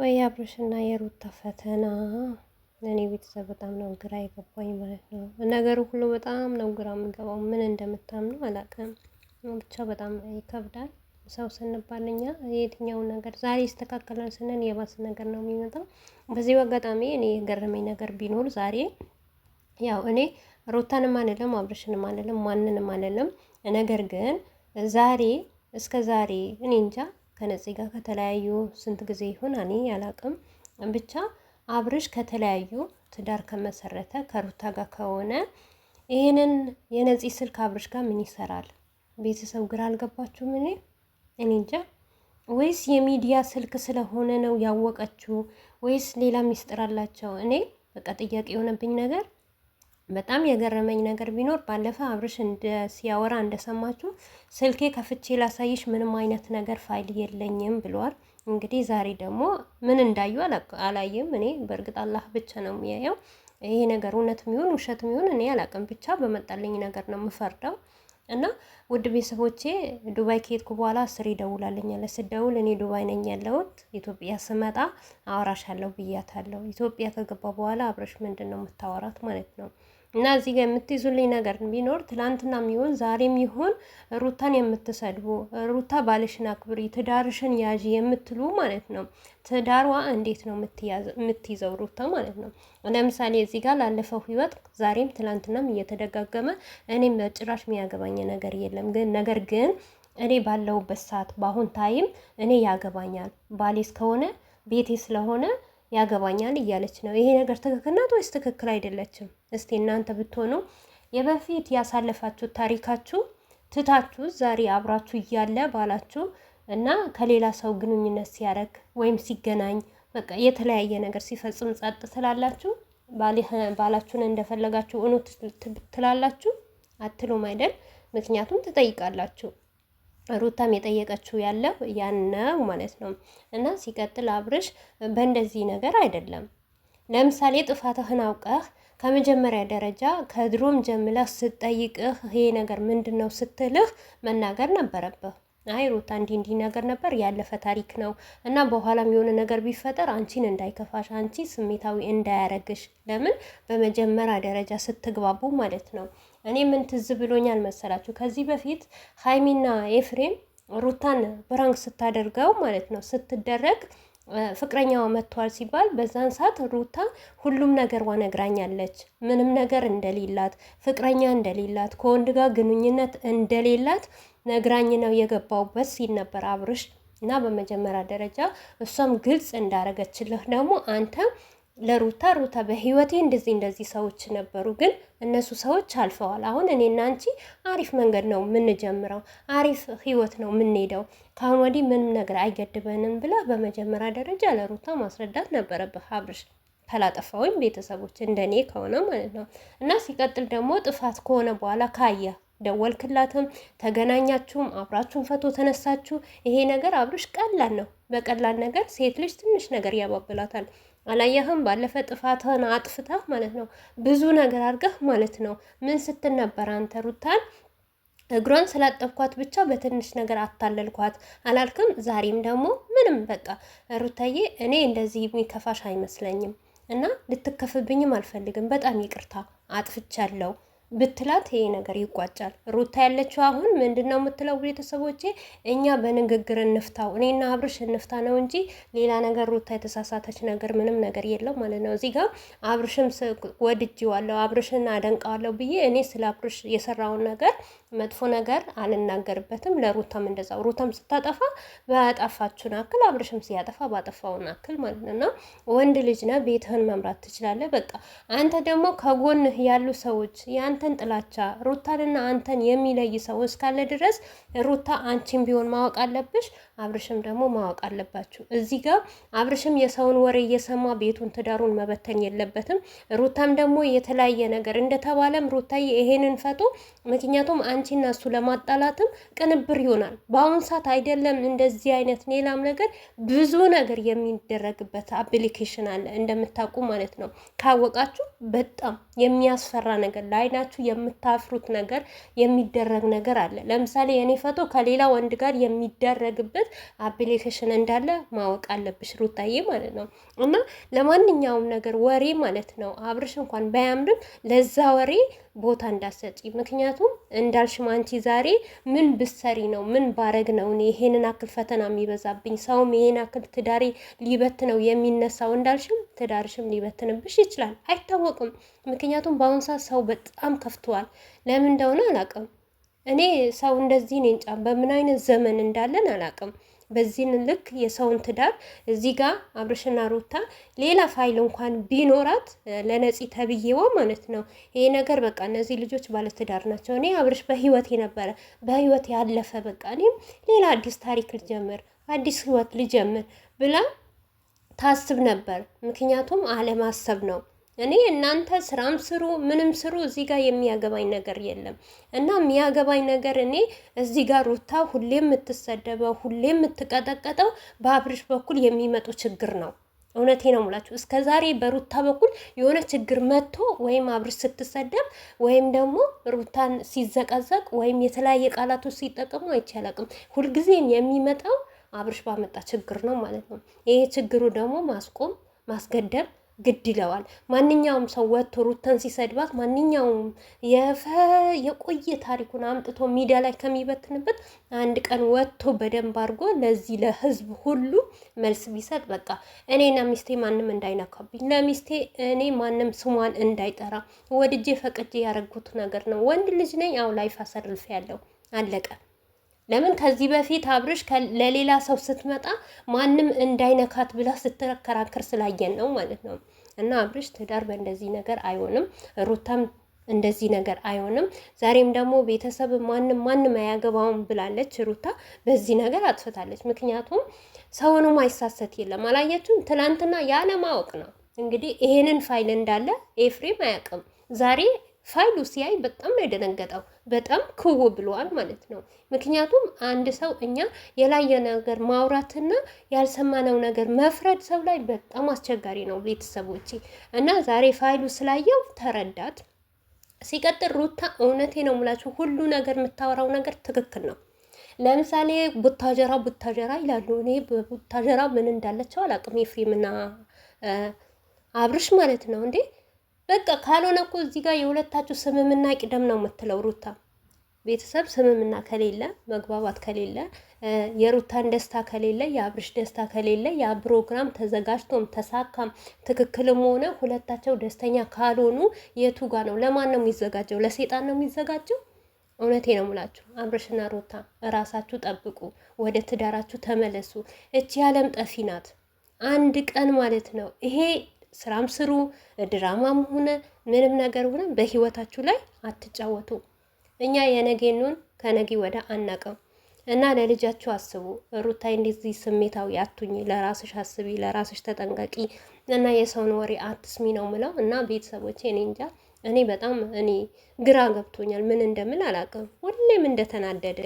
ወይ የአብርሽና የሩታ ፈተና እኔ ቤተሰብ በጣም ነው ግራ የገባኝ ማለት ነው። ነገሩ ሁሉ በጣም ነው ግራ የምገባው። ምን እንደምታምኑ አላውቅም። ብቻ በጣም ይከብዳል። ሰው ስንባል እኛ የትኛው ነገር ዛሬ ይስተካከላል ስንል የባስ ነገር ነው የሚመጣው። በዚህ አጋጣሚ እኔ የገረመኝ ነገር ቢኖር ዛሬ ያው እኔ ሩታንም አልልም አብርሽንም አልልም ማንንም አልልም። ነገር ግን ዛሬ እስከ ዛሬ እኔ እንጃ ከነፂ ጋር ከተለያዩ ስንት ጊዜ ይሁን እኔ ያላቅም። ብቻ አብርሽ ከተለያዩ ትዳር ከመሰረተ ከሩታ ጋር ከሆነ ይህንን የነፂ ስልክ አብርሽ ጋር ምን ይሰራል? ቤተሰብ ግራ አልገባችሁም? እኔ እኔ እንጃ። ወይስ የሚዲያ ስልክ ስለሆነ ነው ያወቀችው? ወይስ ሌላ ሚስጥር አላቸው? እኔ በቃ ጥያቄ የሆነብኝ ነገር በጣም የገረመኝ ነገር ቢኖር ባለፈ አብርሽ እንደ ሲያወራ እንደሰማችሁ ስልኬ ከፍቼ ላሳይሽ ምንም አይነት ነገር ፋይል የለኝም ብሏል። እንግዲህ ዛሬ ደግሞ ምን እንዳዩ አላየም። እኔ በእርግጥ አላህ ብቻ ነው የሚያየው። ይሄ ነገር እውነት የሚሆን ውሸት የሚሆን እኔ አላቅም። ብቻ በመጣልኝ ነገር ነው የምፈርደው። እና ውድ ቤተሰቦቼ ዱባይ ከሄድኩ በኋላ አስር ይደውላልኛለች። ስደውል እኔ ዱባይ ነኝ ያለሁት ኢትዮጵያ ስመጣ አወራሻለሁ ብያታለሁ። ኢትዮጵያ ከገባ በኋላ አብረሽ ምንድን ነው የምታወራት ማለት ነው እና እዚህ ጋር የምትይዙልኝ ነገር ቢኖር ትላንትና የሚሆን ዛሬም ይሁን ሩታን የምትሰድቡ ሩታ ባልሽን አክብሪ፣ ትዳርሽን ያዥ የምትሉ ማለት ነው። ትዳሯ እንዴት ነው የምትይዘው ሩታ ማለት ነው። ለምሳሌ እዚህ ጋር ላለፈው ህይወት ዛሬም ትላንትናም እየተደጋገመ እኔም በጭራሽ የሚያገባኝ ነገር የለም ግን ነገር ግን እኔ ባለውበት ሰዓት በአሁን ታይም እኔ ያገባኛል ባሌ እስከሆነ ቤቴ ስለሆነ ያገባኛል እያለች ነው። ይሄ ነገር ትክክል ናት ወይስ ትክክል አይደለችም? እስቲ እናንተ ብትሆኑ የበፊት ያሳለፋችሁ ታሪካችሁ ትታችሁ ዛሬ አብራችሁ እያለ ባላችሁ እና ከሌላ ሰው ግንኙነት ሲያደርግ ወይም ሲገናኝ በቃ የተለያየ ነገር ሲፈጽም ጸጥ ትላላችሁ። ባላችሁን እንደፈለጋችሁ እኑ ትላላችሁ አትሎም አይደል? ምክንያቱም ትጠይቃላችሁ። ሩታም የጠየቀችው ያለው ያነው ማለት ነው። እና ሲቀጥል አብርሽ በእንደዚህ ነገር አይደለም። ለምሳሌ ጥፋትህን አውቀህ ከመጀመሪያ ደረጃ ከድሮም ጀምለህ ስጠይቅህ ይሄ ነገር ምንድን ነው ስትልህ መናገር ነበረብህ። አይ ሩታ እንዲህ እንዲህ ነገር ነበር ያለፈ ታሪክ ነው እና በኋላም የሆነ ነገር ቢፈጠር አንቺን እንዳይከፋሽ፣ አንቺ ስሜታዊ እንዳያረግሽ ለምን በመጀመሪያ ደረጃ ስትግባቡ ማለት ነው እኔ ምን ትዝ ብሎኛል መሰላችሁ? ከዚህ በፊት ሀይሚና ኤፍሬም ሩታን ብራንክ ስታደርገው ማለት ነው ስትደረግ ፍቅረኛዋ መጥቷል ሲባል በዛን ሰዓት ሩታ ሁሉም ነገርዋ ነግራኛለች። ምንም ነገር እንደሌላት፣ ፍቅረኛ እንደሌላት፣ ከወንድ ጋር ግንኙነት እንደሌላት ነግራኝ ነው የገባውበት ሲል ነበር አብርሽ እና በመጀመሪያ ደረጃ እሷም ግልጽ እንዳረገችልህ ደግሞ አንተ ለሩታ ሩታ በህይወቴ እንደዚህ እንደዚህ ሰዎች ነበሩ፣ ግን እነሱ ሰዎች አልፈዋል። አሁን እኔ አንቺ አሪፍ መንገድ ነው የምንጀምረው፣ አሪፍ ህይወት ነው የምንሄደው። ከአሁን ወዲህ ምንም ነገር አይገድበንም ብላ በመጀመሪያ ደረጃ ለሩታ ማስረዳት ነበረብህ አብርሽ፣ ወይም ቤተሰቦች እንደኔ ከሆነ ማለት ነው። እና ሲቀጥል ደግሞ ጥፋት ከሆነ በኋላ ካየ ደወልክላትም ተገናኛችሁም አብራችሁን ፈቶ ተነሳችሁ። ይሄ ነገር አብርሽ ቀላል ነው። በቀላል ነገር ሴት ልጅ ትንሽ ነገር ያባብላታል። አላየህም? ባለፈ ጥፋትህን አጥፍተህ ማለት ነው ብዙ ነገር አድርገህ ማለት ነው ምን ስትል ነበር አንተ ሩታን እግሯን ስላጠብኳት ብቻ በትንሽ ነገር አታለልኳት አላልክም? ዛሬም ደግሞ ምንም በቃ ሩታዬ፣ እኔ እንደዚህ የሚከፋሽ አይመስለኝም እና ልትከፍብኝም አልፈልግም። በጣም ይቅርታ አጥፍቻለሁ። ብትላት ይሄ ነገር ይቋጫል። ሩታ ያለችው አሁን ምንድነው የምትለው? ቤተሰቦቼ እኛ በንግግር እንፍታው፣ እኔና አብርሽ እንፍታ ነው እንጂ ሌላ ነገር ሩታ የተሳሳተች ነገር ምንም ነገር የለው ማለት ነው። እዚህ ጋር አብርሽም ወድጄዋለሁ፣ አብርሽን አደንቀዋለሁ ብዬ እኔ ስለ አብርሽ የሰራውን ነገር መጥፎ ነገር አልናገርበትም። ለሩታም እንደዛው ሩታም ስታጠፋ በጠፋችሁን አክል አብርሽም ሲያጠፋ ባጠፋውን አክል ማለት እና ወንድ ልጅ ነህ፣ ቤትህን መምራት ትችላለህ። በቃ አንተ ደግሞ ከጎንህ ያሉ ሰዎች የአንተን ጥላቻ ሩታንና አንተን የሚለይ ሰው እስካለ ድረስ ሩታ አንቺን ቢሆን ማወቅ አለብሽ። አብርሽም ደግሞ ማወቅ አለባችሁ። እዚህ ጋር አብርሽም የሰውን ወሬ እየሰማ ቤቱን ትዳሩን መበተን የለበትም። ሩታም ደግሞ የተለያየ ነገር እንደተባለም ሩታዬ ይሄንን ፈቶ፣ ምክንያቱም አንቺና እሱ ለማጣላትም ቅንብር ይሆናል። በአሁኑ ሰዓት አይደለም እንደዚህ አይነት ሌላም ነገር ብዙ ነገር የሚደረግበት አፕሊኬሽን አለ እንደምታውቁ ማለት ነው። ካወቃችሁ በጣም የሚያስፈራ ነገር ለአይናችሁ የምታፍሩት ነገር የሚደረግ ነገር አለ። ለምሳሌ የኔ ፈቶ ከሌላ ወንድ ጋር የሚደረግበት ለማለት አፕሊኬሽን እንዳለ ማወቅ አለብሽ ሩታዬ ማለት ነው። እና ለማንኛውም ነገር ወሬ ማለት ነው አብርሽ እንኳን ባያምርም ለዛ ወሬ ቦታ እንዳሰጪ። ምክንያቱም እንዳልሽ ማንቺ ዛሬ ምን ብሰሪ ነው ምን ባረግ ነው እኔ ይሄንን አክል ፈተና የሚበዛብኝ ሰውም ይሄን አክል ትዳሬ ሊበት ነው የሚነሳው። እንዳልሽም ትዳርሽም ሊበትንብሽ ይችላል አይታወቅም። ምክንያቱም በአሁኑ ሰዓት ሰው በጣም ከፍተዋል። ለምን እንደሆነ አላውቅም። እኔ ሰው እንደዚህ እኔን ጫን በምን አይነት ዘመን እንዳለን አላውቅም። በዚህን ልክ የሰውን ትዳር እዚህ ጋር አብርሽና ሩታ ሌላ ፋይል እንኳን ቢኖራት ለነፂ ተብዬዋ ማለት ነው ይሄ ነገር በቃ እነዚህ ልጆች ባለትዳር ናቸው። እኔ አብርሽ በህይወት የነበረ በህይወት ያለፈ በቃ እኔም ሌላ አዲስ ታሪክ ልጀምር አዲስ ህይወት ልጀምር ብላ ታስብ ነበር። ምክንያቱም አለማሰብ ነው። እኔ እናንተ ስራም ስሩ ምንም ስሩ እዚህ ጋር የሚያገባኝ ነገር የለም። እና የሚያገባኝ ነገር እኔ እዚህ ጋር ሩታ ሁሌ የምትሰደበው ሁሌ የምትቀጠቀጠው በአብርሽ በኩል የሚመጡ ችግር ነው። እውነቴ ነው ሙላችሁ። እስከ ዛሬ በሩታ በኩል የሆነ ችግር መጥቶ ወይም አብርሽ ስትሰደብ ወይም ደግሞ ሩታን ሲዘቀዘቅ ወይም የተለያየ ቃላቶች ሲጠቀሙ አይቻላቅም። ሁልጊዜም የሚመጣው አብርሽ ባመጣ ችግር ነው ማለት ነው። ይሄ ችግሩ ደግሞ ማስቆም ማስገደብ ግድ ይለዋል። ማንኛውም ሰው ወጥቶ ሩተን ሲሰድባት ማንኛውም የቆየ ታሪኩን አምጥቶ ሚዲያ ላይ ከሚበትንበት አንድ ቀን ወጥቶ በደንብ አድርጎ ለዚህ ለህዝብ ሁሉ መልስ ቢሰጥ በቃ እኔ ሚስቴ ማንም እንዳይነካብኝ፣ ለሚስቴ እኔ ማንም ስሟን እንዳይጠራ፣ ወድጄ ፈቅጄ ያደረጉት ነገር ነው። ወንድ ልጅ ነኝ። አዎ ላይፍ አሰርልፍ ያለው አለቀ። ለምን ከዚህ በፊት አብርሽ ለሌላ ሰው ስትመጣ ማንም እንዳይነካት ብላ ስትከራከር ስላየን ነው ማለት ነው። እና አብርሽ ትዳር በእንደዚህ ነገር አይሆንም፣ ሩታም እንደዚህ ነገር አይሆንም። ዛሬም ደግሞ ቤተሰብ ማንም ማንም አያገባውም ብላለች ሩታ። በዚህ ነገር አጥፍታለች። ምክንያቱም ሰውኑ ማይሳሰት የለም። አላያችሁም? ትናንትና ያለማወቅ ነው እንግዲህ ይሄንን ፋይል እንዳለ ኤፍሬም አያውቅም። ዛሬ ፋይሉ ሲያይ በጣም ነው የደነገጠው። በጣም ክው ብሏል ማለት ነው። ምክንያቱም አንድ ሰው እኛ የላየ ነገር ማውራትና ያልሰማነው ነገር መፍረድ ሰው ላይ በጣም አስቸጋሪ ነው ቤተሰቦች እና ዛሬ ፋይሉ ስላየው ተረዳት። ሲቀጥል ሩታ እውነቴ ነው ሙላችሁ ሁሉ ነገር የምታወራው ነገር ትክክል ነው። ለምሳሌ ቡታጀራ ቡታጀራ ይላሉ። እኔ በቡታጀራ ምን እንዳለቸው አላቅም። ኤፍሬምና አብርሽ ማለት ነው እንዴ በቃ ካልሆነ እኮ እዚህ ጋር የሁለታችሁ ስምምና ቅደም ነው የምትለው ሩታ። ቤተሰብ ስምምና ከሌለ መግባባት ከሌለ የሩታን ደስታ ከሌለ የአብርሽ ደስታ ከሌለ ያ ፕሮግራም ተዘጋጅቶም ተሳካም ትክክልም ሆነ ሁለታቸው ደስተኛ ካልሆኑ የቱ ጋ ነው? ለማን ነው የሚዘጋጀው? ለሴጣን ነው የሚዘጋጀው? እውነቴ ነው የምላችሁ። አብርሽና ሩታ እራሳችሁ ጠብቁ፣ ወደ ትዳራችሁ ተመለሱ። እቺ ዓለም ጠፊ ናት። አንድ ቀን ማለት ነው ይሄ ስራም ስሩ፣ ድራማም ሆነ ምንም ነገር ሆነ በህይወታችሁ ላይ አትጫወቱ። እኛ የነገኑን ከነገ ወደ አናቀም እና ለልጃችሁ አስቡ። ሩታይ እንደዚህ ስሜታዊ አትሁኝ፣ ለራስሽ አስቢ፣ ለራስሽ ተጠንቀቂ እና የሰውን ወሬ አትስሚ ነው ምለው እና ቤተሰቦች፣ እኔ እንጃ እኔ በጣም እኔ ግራ ገብቶኛል። ምን እንደምል አላውቅም። ሁሌም እንደተናደደ